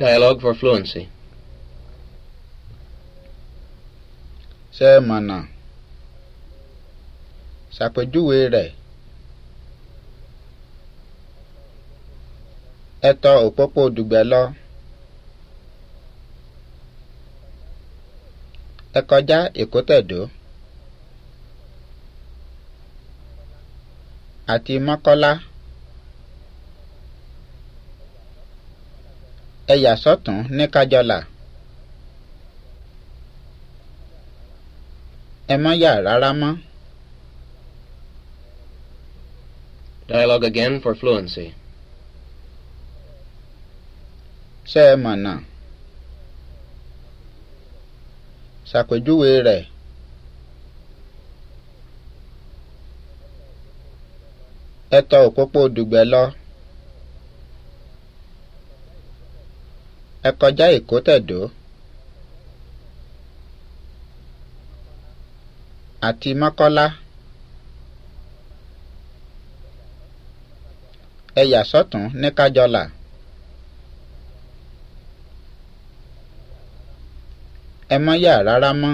Dialogue for fluency. Ṣé ẹ mọ̀nà? Ṣàpèjúwe rẹ̀. Ẹ tọ òpópó Dùgbẹ̀ lọ. Ẹ kọjá Èkótẹ̀dó. Àti Mọ́kọ́lá. ẹ̀yà sọ́tún ní kájọlà ẹ má yà rárá mọ́. Dialogue again for fluency. Ṣé ẹ mọ̀nà? Ṣàpèjúwe rẹ̀. Ẹ tọ òpópó Dùgbẹ̀ lọ. ẹ kọjá èkó tẹ̀dó àti mọ́kọ́lá ẹ yà sọ́tún ní kájọlà ẹ mọ́ yà rárá mọ́.